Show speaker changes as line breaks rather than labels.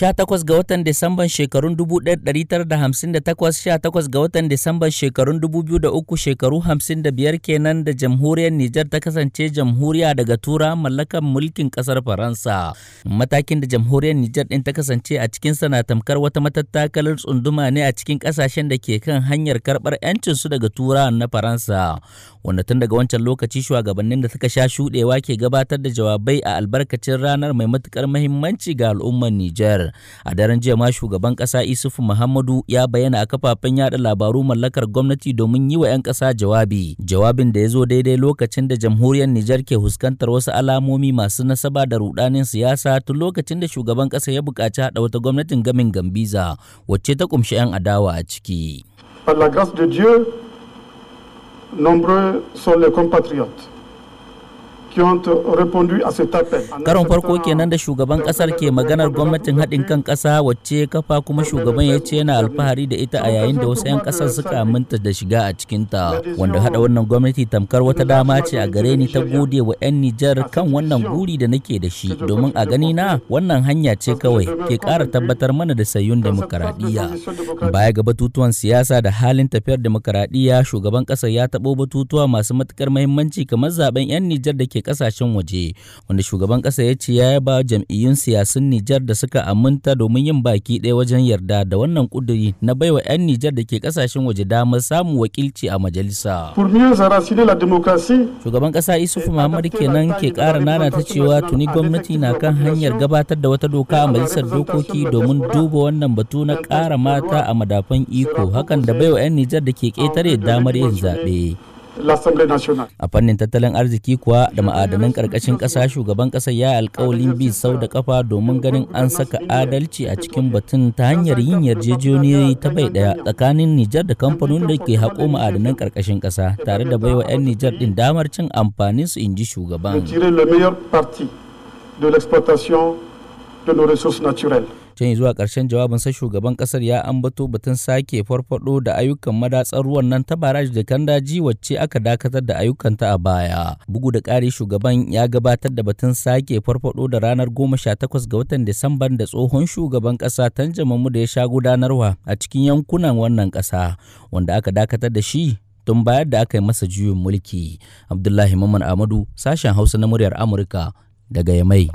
18 ga watan Disamban shekarun 1958 18 ga watan Disamban shekarun 2003 shekaru 55 kenan da jamhuriyar Nijar ta kasance jamhuriya daga tura mallakan mulkin kasar Faransa. Matakin da jamhuriyar Nijar ɗin ta kasance a cikin sana tamkar wata matattakalar tsunduma ne a cikin kasashen da ke kan hanyar karbar yancin su daga tura na Faransa. Wanda tun daga wancan lokaci shugabannin da suka sha shuɗewa ke gabatar da jawabai a albarkacin ranar mai matuƙar mahimmanci ga al'ummar Nijar. a daren jiya ma shugaban kasa isufu muhammadu ya bayyana a kafafen yada labaru mallakar gwamnati domin yi wa 'yan kasa jawabi jawabin da ya zo daidai lokacin da jamhuriyar nijar ke huskantar wasu alamomi masu nasaba da rudanin siyasa tun lokacin da shugaban kasa ya bukaci haɗa wata gwamnatin gamin gambiza wacce ta kumshi 'yan adawa a ciki.
Par la grâce de Dieu, nombreux sont les compatriotes
Karon farko kenan da shugaban kasar ke maganar gwamnatin haɗin kan ƙasa wacce kafa kuma shugaban ya ce yana alfahari da ita a yayin da wasu 'yan ƙasar suka aminta da shiga a cikinta wanda haɗa wannan gwamnati tamkar wata dama ce a gare ni ta gode wa 'yan Nijar kan wannan guri da nake da shi domin a gani na wannan hanya ce kawai ke ƙara tabbatar mana da sayun demokaradiyya. Baya ga batutuwan siyasa da halin tafiyar demokaradiyya shugaban ƙasar ya taɓo batutuwa masu matuƙar muhimmanci kamar zaben 'yan Nijar da ke kasashen waje wanda shugaban kasa ya ce ya yaba jam'iyyun siyasun Nijar da suka aminta domin yin baki ɗaya wajen yarda da wannan kuduri na baiwa 'yan Nijar da ke kasashen waje damar samun wakilci a majalisa. Shugaban kasa Isufu Muhammad kenan ke ƙara nana ta cewa tuni gwamnati na kan hanyar gabatar da wata doka a majalisar dokoki domin duba wannan batu na ƙara mata a madafan iko hakan da baiwa 'yan Nijar da ke ƙetare damar yin zaɓe.
l'Assemblée nationale.
A fannin tattalin arziki kuwa da ma'adanan karkashin kasa shugaban ƙasar ya alkawalin bi sau da kafa domin ganin an saka adalci a cikin batun ta hanyar yin yarjejeniyoyi ta bai daya tsakanin Nijar da kamfanonin da ke haƙo ma'adanan karkashin ƙasa tare da baiwa 'yan Nijar din damar cin amfanin su inji shugaban.
de l'exploitation de nos ressources naturelles.
can zuwa ƙarshen sa shugaban ƙasar ya ambato batun sake farfado da ayyukan madatsar ruwan nan ta baraji da kandaji wacce aka dakatar da ayyukanta a baya bugu da ƙari shugaban ya gabatar da batun sake farfado da ranar 18 ga watan disamban da tsohon shugaban ƙasa tanjamamu da ya sha gudanarwa a cikin yankunan wannan ƙasa wanda aka dakatar da shi tun bayar da aka yi masa juyin mulki abdullahi muhammad amadu sashen hausa na muryar amurka daga yamai